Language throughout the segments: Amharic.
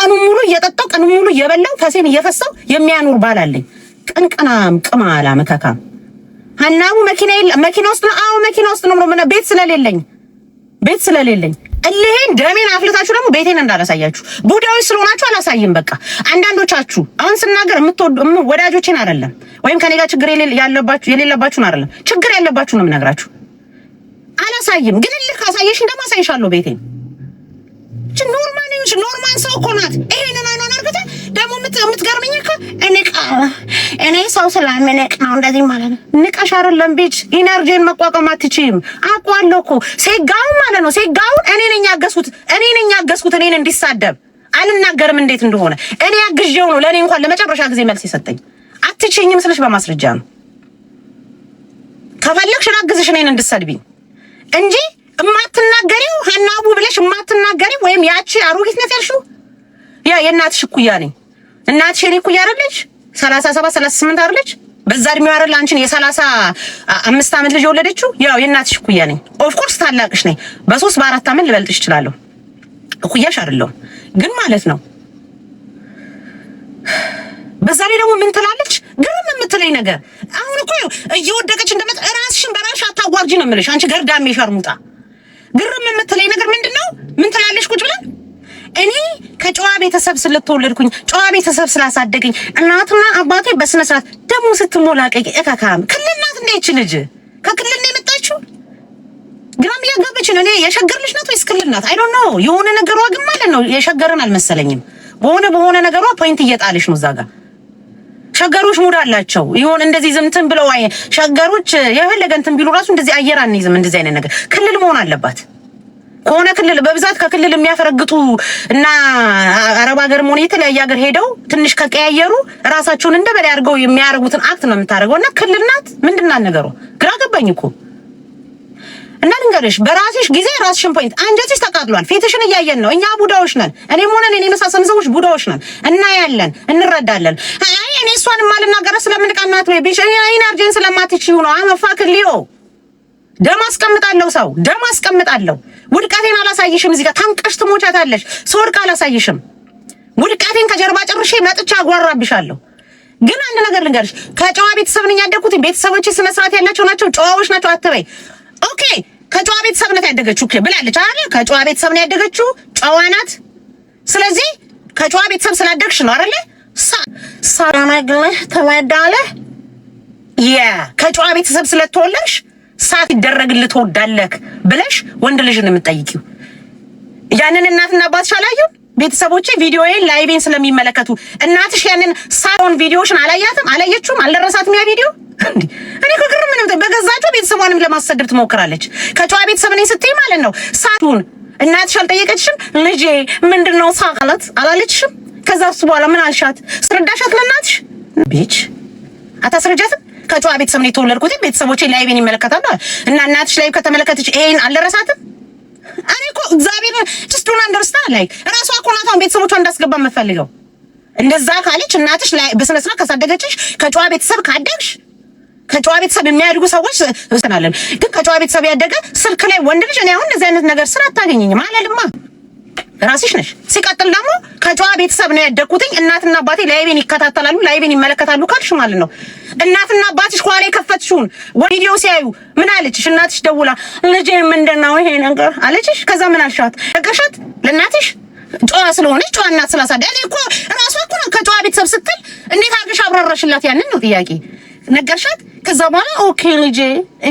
ቀኑ ሙሉ እየጠጣው ቀኑ ሙሉ እየበላው ፈሴን እየፈሰው የሚያኑር ባል አለኝ። ቅንቅናም ቅማላ መከካ ሀናቡ መኪና የለ መኪና ውስጥ ነው። አዎ መኪና ውስጥ ነው ብሎ ቤት ስለሌለኝ ቤት ስለሌለኝ እልሄን ደሜን አፍልታችሁ ደግሞ ቤቴን እንዳላሳያችሁ ቡዳዎች ስለሆናችሁ አላሳይም። በቃ አንዳንዶቻችሁ አሁን ስናገር የምትወዱ ወዳጆቼን አይደለም ወይም ከኔ ጋር ችግር የሌለባችሁን አይደለም ችግር ያለባችሁ ነው የምነግራችሁ። አላሳይም ግን ልክ አሳየሽን ደግሞ ቤቴን ኖርማል ይኸውልሽ ኖርማል ሰው እኮ ናት። ይሄንን አይኗን አርግታ ደግሞ የምትገርመኝ እኮ እንቃ እኔ ሰው ስለምንቅ ነው እንደዚህ ማለት ነው። ንቀሽ አይደለም ቢች ኢነርጂን መቋቋም አትችይም። አውቀዋለሁ እኮ ሴጋውን ማለት ነው። ሴጋውን እኔ ነኝ ያገዝኩት፣ እኔ ነኝ ያገዝኩት እኔን እንዲሳደብ አልናገርም እንዴት እንደሆነ እኔ አግዤው ነው ለእኔ እንኳን ለመጨረሻ ጊዜ መልስ የሰጠኝ። አትችኝም ስልሽ በማስረጃ ነው። ከፈለግሽ ላግዝሽ እኔን እንድትሰድቢኝ እንጂ እማትናገሪው ሀናቡ ብለሽ እማትናገሪው ወይም ያቺ አሮጊት ነት ያልሽው ያ የእናትሽ እኩያ ነኝ። እናትሽ የኔ እኩያ አይደለች? ሰላሳ ሰባት ሰላሳ ስምንት አይደለች? በዛ እድሜው አይደል አንቺን የሰላሳ አምስት ዓመት ልጅ የወለደችው? ያው የእናትሽ እኩያ ነኝ። ኦፍ ኮርስ ታላቅሽ ነኝ። በሶስት በአራት ዓመት ልበልጥሽ እችላለሁ። እኩያሽ አይደለሁም ግን ማለት ነው። በዛ ላይ ደግሞ ምን ትላለች? ግርም የምትለኝ ነገር አሁን እኮ እየወደቀች እንደመጣ ራስሽን በራስሽ አታዋርጂ ነው የምልሽ። አንቺ ገርዳሜ ሸርሙጣ ግርም የምትለኝ ነገር ምንድን ነው? ምን ትላለሽ? ቁጭ ብለን እኔ ከጨዋ ቤተሰብ ስለተወለድኩኝ ጨዋ ቤተሰብ ስላሳደገኝ እናትና አባቴ በስነ ስርዓት ደግሞ ስትሞላቀቂ እከካም ክልልናት እንደ ልጅ ከክልል የመጣችው። ግራም እያጋበች ነው። እኔ የሸገር ልጅ ናት ወይስ ክልልናት? አይ ዶንት ኖ የሆነ ነገሯ ግን ማለት ነው የሸገርን አልመሰለኝም። በሆነ በሆነ ነገሯ ፖይንት እየጣለች ነው እዛ ጋር ሸገሮች ሙድ አላቸው። ይሁን እንደዚህ ዝምትን ብለው ሸገሮች የፈለገ እንትን ቢሉ ራሱ እንደዚህ አየር አንይዝም። እንደዚህ አይነት ነገር ክልል መሆን አለባት። ከሆነ ክልል በብዛት ከክልል የሚያፈረግጡ እና አረብ ሀገር መሆን የተለያየ ሀገር ሄደው ትንሽ ከቀያየሩ ራሳቸውን እንደበላይ አድርገው የሚያደርጉትን አክት ነው የምታደርገው። እና ክልል ናት ምንድን ናት ነገሩ? ግራ ገባኝ እኮ እና ልንገርሽ፣ በራስሽ ጊዜ ራስሽን ፖይንት አንጀትሽ ተቃጥሏል። ፊትሽን እያየን ነው። እኛ ቡዳዎች ነን። እኔም ሆነ እኔ መሳሰም ሰዎች ቡዳዎች ነን። እናያለን፣ እንረዳለን። አይ እኔ እሷን ማልናገር ስለምንቀናት ወይ ቢሽ እኔ ኢነርጂን ስለማትችዩ ነው። አመፋክ ሊዮ ደም አስቀምጣለሁ፣ ሰው ደም አስቀምጣለሁ። ውድቀቴን አላሳይሽም። እዚህ ጋር ታንቀሽ ትሞቻታለሽ። ስወድቅ አላሳይሽም። ውድቀቴን ከጀርባ ጨርሼ መጥቻ አጓራብሻለሁ። ግን አንድ ነገር ልንገርሽ፣ ከጨዋ ቤተሰብ ነኝ ያደግኩት። ቤተሰቦቼ ስነ ስርዓት ያላቸው ናቸው፣ ጨዋዎች ናቸው አትበይ ኦኬ ከጨዋ ቤተሰብ ነው ያደገችው ብላለች አይደል? ከጨዋ ቤተሰብ ነው ያደገችው፣ ጨዋ ናት። ስለዚህ ከጨዋ ቤተሰብ ስላደግሽ ነው አይደል? ሳላማግለህ ተወዳለህ ያ ከጨዋ ቤተሰብ ስለተወለድሽ ሳት ይደረግልህ ትወዳለህ ብለሽ ወንድ ልጅን የምትጠይቂው ያንን እናትና አባትሽ አላየው ቤተሰቦቼ ቪዲዮዬን ላይቬን ስለሚመለከቱ እናትሽ ያንን ሳሎን ቪዲዮሽን አላያትም፣ አላየችውም፣ አልደረሳትም ያ ቪዲዮ። እኔ ክግር ምንም በገዛቸው ቤተሰቧንም ለማሰደድ ትሞክራለች። ከጨዋ ቤተሰብ ነኝ ስትይ ማለት ነው። ሳቱን እናትሽ አልጠየቀችሽም። ልጄ ምንድን ነው ሳቀለት አላለችሽም። ከዛ ውስጥ በኋላ ምን አልሻት? ስርዳሻት ለእናትሽ ቤች አታስረጃትም። ከጨዋ ቤተሰብ ነው የተወለድኩት። ቤተሰቦቼ ላይቬን ይመለከታሉ እና እናትሽ ላይ ከተመለከተች ይሄን አልደረሳትም። እኔ እኮ እግዚአብሔር ጅስቱን አንደርስታ ላይ ራሱ እኮ ናት አሁን ቤተሰቦቿን እንዳስገባ የምፈልገው። እንደዛ ካለች እናትሽ በስነ ስርዓት ካሳደገችሽ ከጨዋ ቤተሰብ ካደግሽ ከጨዋ ቤተሰብ የሚያድጉ ሰዎች ስናለን ግን ከጨዋ ቤተሰብ ያደገ ስልክ ላይ ወንድ ልጅ እኔ አሁን እንደዚህ አይነት ነገር ስራ አታገኘኝም ራስሽ ነሽ። ሲቀጥል ደግሞ ከጨዋ ቤተሰብ ነው ያደግኩትኝ እናትና አባቴ ላይቤን ይከታተላሉ ላይቤን ይመለከታሉ ካልሽ ማለት ነው እናትና አባትሽ ኋላ የከፈትሽውን ቪዲዮ ሲያዩ ምን አለችሽ? እናትሽ ደውላ ልጄ ምንድን ነው ይሄ ነገር አለችሽ? ከዛ ምን አልሻት ነገርሻት ለእናትሽ ጨዋ ስለሆነች ጨዋ እናት ስላሳደ እኔ እኮ ራሷ እኮ ነው ከጨዋ ቤተሰብ ስትል እንዴት አድርገሽ አብራራሽላት? ያንን ነው ጥያቄ ነገርሻት። ከዛ በኋላ ኦኬ ልጄ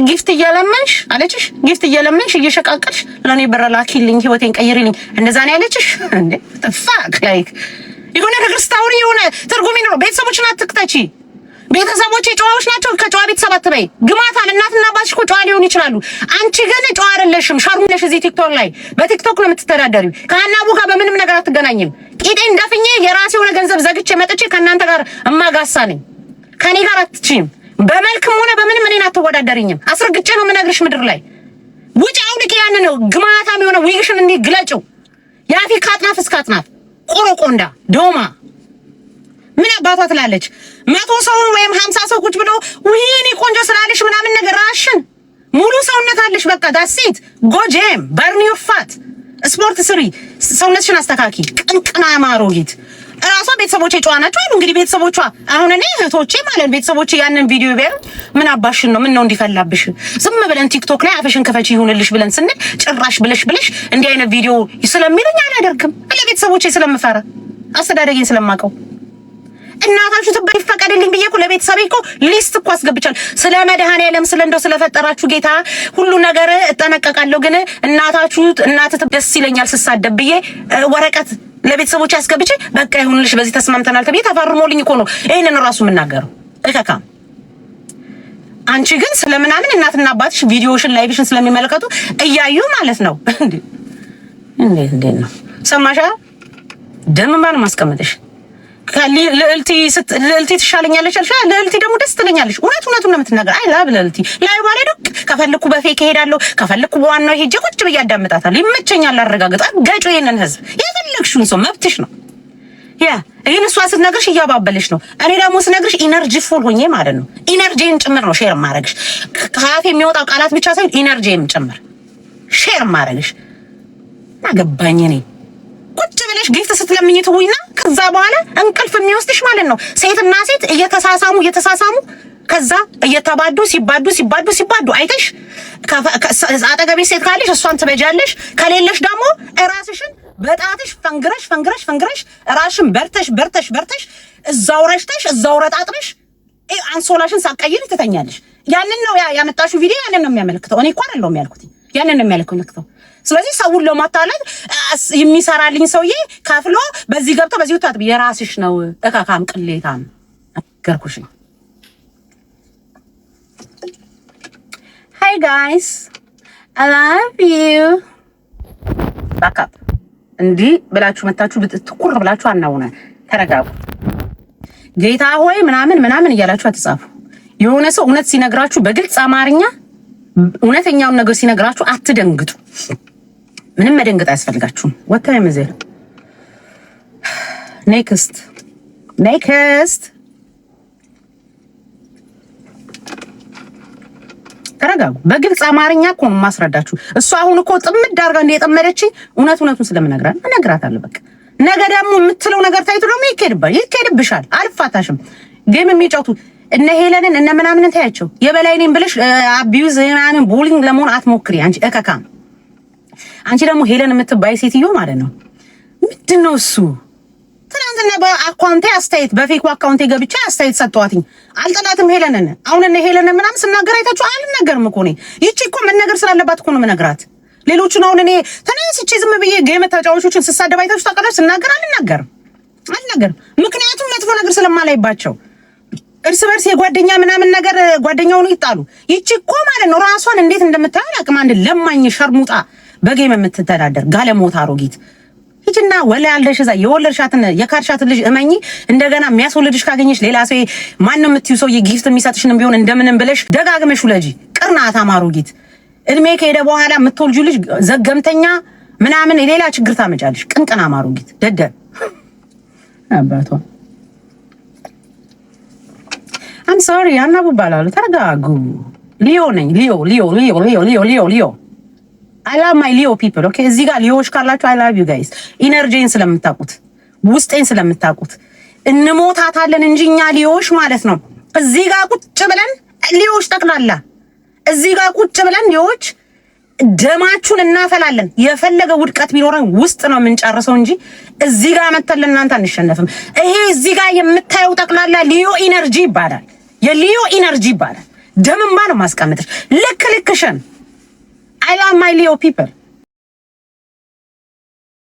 ጊፍት እየለመንሽ አለችሽ። ጊፍት እየለመንሽ እየሸቃቀልሽ ለእኔ ብር ላኪልኝ፣ ህይወቴን ቀይሪልኝ፣ እንደዛ ነው ያለችሽ። እንዴ ፋክ ላይክ የሆነ ነገር ስታውሪ የሆነ ትርጉም ይኖረው ቤተሰቦችን አትክተቺ። ቤተሰቦቼ ጨዋዎች ናቸው። ከጨዋ ቤተሰብ አትበይ። ግማታም እናትና አባትሽ እኮ ጨዋ ሊሆኑ ይችላሉ። አንቺ ግን ጨዋ አይደለሽም። ሻሩነሽ እዚህ ቲክቶክ ላይ በቲክቶክ ነው የምትተዳደሪው። ከሀናቡ ጋር በምንም ነገር አትገናኝም። ቂጤ ደፍኜ የራሴ የሆነ ገንዘብ ዘግቼ መጥቼ ከእናንተ ጋር እማጋሳ ነኝ። ከኔ ጋር አትችይም። በመልክም ሆነ በምንም እኔን አትወዳደርኝም። አስረግጬ ነው የምነግርሽ። ምድር ላይ ውጭ አውልቂ። ያን ነው ግማታም የሆነ ዊግሽን እንዲህ ግለጭው። የአፊ ካጥናፍ እስከ ቆሮቆንዳ ዶማ ምን አባቷ ትላለች? መቶ ሰውን ወይም ሀምሳ ሰው ቁጭ ብሎ ውይ ቆንጆ ስላለሽ ምናምን ነገር ራሽን ሙሉ ሰውነት አለሽ። በቃ ዳሴት ጎጄም በርኒው ፋት ስፖርት ስሪ፣ ሰውነትሽን አስተካኪ። ቅንቅና ማሮጊት እራሷ ቤተሰቦቼ ጨዋ ናቸው አሉ። እንግዲህ ቤተሰቦቿ አሁን እኔ እህቶቼ ማለት ቤተሰቦቼ ያንን ቪዲዮ ቢያዩ ምን አባሽን ነው ምን ነው እንዲፈላብሽ? ዝም ብለን ቲክቶክ ላይ አፈሽን ከፈቺ ይሁንልሽ ብለን ስንል ጭራሽ ብለሽ ብለሽ እንዲህ አይነት ቪዲዮ ስለሚሉኝ አላደርግም። ለቤተሰቦቼ ስለምፈራ አስተዳደጌን ስለማውቀው እናታችሁ ትባ ይፈቀድልኝ ብዬ እኮ ለቤተሰቤ እኮ ሊስት እኮ አስገብቻለሁ። ስለ መድኃኔዓለም ስለ እንደው ስለፈጠራችሁ ጌታ ሁሉ ነገር እጠነቀቃለሁ፣ ግን እናታችሁ እናት ደስ ይለኛል ስሳደብ ብዬ ወረቀት ለቤተሰቦች አስገብቼ በቃ ይሁንልሽ በዚህ ተስማምተናል ተብዬ ተፈርሞልኝ እኮ ነው ይህንን ራሱ የምናገረው እከካም አንቺ ግን ስለምናምን እናትና አባትሽ ቪዲዮሽን ላይቭሽን ስለሚመለከቱ እያዩ ማለት ነው። እንዴት እንዴት ነው ሰማሻ ደም ማን ማስቀመጥሽ ልዕልቲ ልዕልቲ ትሻለኛለች አልሽ። ልዕልቲ ደግሞ ደስ ትለኛለች። እውነት እውነቱን ነው የምትናገር። አይ ላብ ልዕልቲ ላይ ባለ ዱቅ ከፈልኩ በፌክ እሄዳለሁ፣ ከፈልኩ በዋናው ሄጄ ቁጭ ብዬ አዳምጣታለሁ። ይመቸኛል። አረጋግጣ ገጮ ይሄንን ህዝብ የፈለግሽውን ሰው መብትሽ ነው። ያ ይህን እሷ ስትነግርሽ እያባበለሽ ነው። እኔ ደግሞ ስነግርሽ ኢነርጂ ፉል ሆኜ ማለት ነው። ኢነርጂን ጭምር ነው ሼር ማረግሽ። ከአፌ የሚወጣው ቃላት ብቻ ሳይሆን ኢነርጂም ጭምር ሼር ማረግሽ። አገባኝ እኔ ቁጭ ብለሽ ጊፍት ስትለምኝ ትውይና ከዛ በኋላ እንቅልፍ የሚወስድሽ ማለት ነው። ሴትና ሴት እየተሳሳሙ እየተሳሳሙ ከዛ እየተባዱ ሲባዱ ሲባዱ ሲባዱ አይተሽ አጠገቤ ሴት ካለሽ እሷን ትበጃለሽ፣ ከሌለሽ ደግሞ ራስሽን በጣትሽ ፈንግረሽ ፈንግረሽ ፈንግረሽ ራስሽን በርተሽ በርተሽ በርተሽ እዛው ረሽተሽ እዛው ረጣጥረሽ አንሶላሽን ሳቀይር ትተኛለሽ። ያንን ነው ያመጣሽው ቪዲዮ፣ ያንን ነው የሚያመለክተው። እኔ እኮ አይደለሁም ያልኩት፣ ያንን ነው የሚያመለክተው። ስለዚህ ሰውን ለማታለል የሚሰራልኝ ሰውዬ ከፍሎ በዚህ ገብቶ በዚህ ወጣት የራስሽ ነው። እካካም ቅሌታም ገርኩሽ። ሃይ ጋይስ አይ ላቭ ዩ ባካፕ እንዲህ ብላችሁ መታችሁ ትኩር ብላችሁ አናውነ ተረጋጉ። ጌታ ሆይ ምናምን ምናምን እያላችሁ አትጻፉ። የሆነ ሰው እውነት ሲነግራችሁ በግልጽ አማርኛ እውነተኛውን ነገር ሲነግራችሁ አትደንግጡ። ምንም መደንገጥ አያስፈልጋችሁም። ወታ የመዘር ኔክስት ኔክስት ተረጋጉ። በግልጽ አማርኛ እኮ ማስረዳችሁ። እሱ አሁን እኮ ጥምድ አድርጋ እንደ የጠመደችኝ እውነት እውነቱን ስለምነግራት እነግራታለሁ። በቃ ነገ ደግሞ የምትለው ነገር ታይቶ ደግሞ ይኬድባል ይኬድብሻል። አልፋታሽም። ጌም የሚጫወቱ እነ ሄለንን እነ ምናምንን ታያቸው የበላይ ነኝ ብለሽ አቢዩዝ ምናምን ቡሊንግ ለመሆን አትሞክሪ አንቺ እከካም አንቺ ደግሞ ሄለን የምትባይ ሴትዮ ማለት ነው። ምንድን ነው እሱ? ትናንትና በአካውንቴ አስተያየት በፌክ አካውንቴ ገብቼ አስተያየት ሰጠዋትኝ። አልጠላትም ሄለንን። አሁን እነ ሄለንን ምናምን ስናገር አይታችሁ አልነገርም እኮ እኔ። ይቺ እኮ መነገር ስላለባት እኮ ነው የምነግራት። ሌሎቹን አሁን እኔ ተነስቼ ዝም ብዬ ጌም ተጫዋቾችን ስሳደብ አይታችሁ ታውቃላችሁ። ስናገር አልናገርም አልናገርም፣ ምክንያቱም መጥፎ ነገር ስለማላይባቸው እርስ በርስ የጓደኛ ምናምን ነገር ጓደኛውን ይጣሉ። ይቺ እኮ ማለት ነው ራሷን እንዴት እንደምታየው አቅም አንድ ለማኝ ሸርሙጣ በጌም የምትተዳደር ጋለሞታ አሮጊት ሂጂና ወላ ያለሽ እዛ የወለድሻትን የካድሻትን ልጅ እመኚ። እንደገና የሚያስወልድሽ ካገኘሽ ሌላ ሰው ማን ነው የምትዩ ሰውዬ ጊፍት የሚሰጥሽንም ቢሆን እንደምንም ብለሽ ደጋግመሽ ውለጂ። ቅርናት አማሮጊት እድሜ ከሄደ በኋላ የምትወልጁ ልጅ ዘገምተኛ ምናምን ሌላ ችግር ታመጫለሽ። ቅንቅን አማሮጊት ደደብ አባቷ አም ሶሪ አናቡባላሉ ተረጋጉ። ሊዮ ነኝ ሊዮ ሊዮ ሊዮ ሊዮ ሊዮ ሊዮ ሊዮ አይ ማይ ሊዮ ፒፕል ኦኬ። እዚህ ጋር ሊዮዎች ካላችሁ አይ ላቭ ዩ ጋይስ። ኢነርጂን ስለምታውቁት ውስጤን ስለምታውቁት እንሞታታለን እንጂ እኛ ሊዮዎች ማለት ነው። እዚህ ጋር ቁጭ ብለን ሊዮዎች ጠቅላላ እዚህ ጋር ቁጭ ብለን ሊዮዎች ደማችሁን እናፈላለን። የፈለገ ውድቀት ቢኖረን ውስጥ ነው የምንጨርሰው እንጂ እዚህ ጋር መተን ለእናንተ አንሸነፍም። ይሄ እዚህ ጋር የምታየው ጠቅላላ ሊዮ ኢነርጂ ይባላል። የሊዮ ኢነርጂ ይባላል። ደምማ ነው ማስቀምጥሽ ልክ ልክሽን I love my Leo people.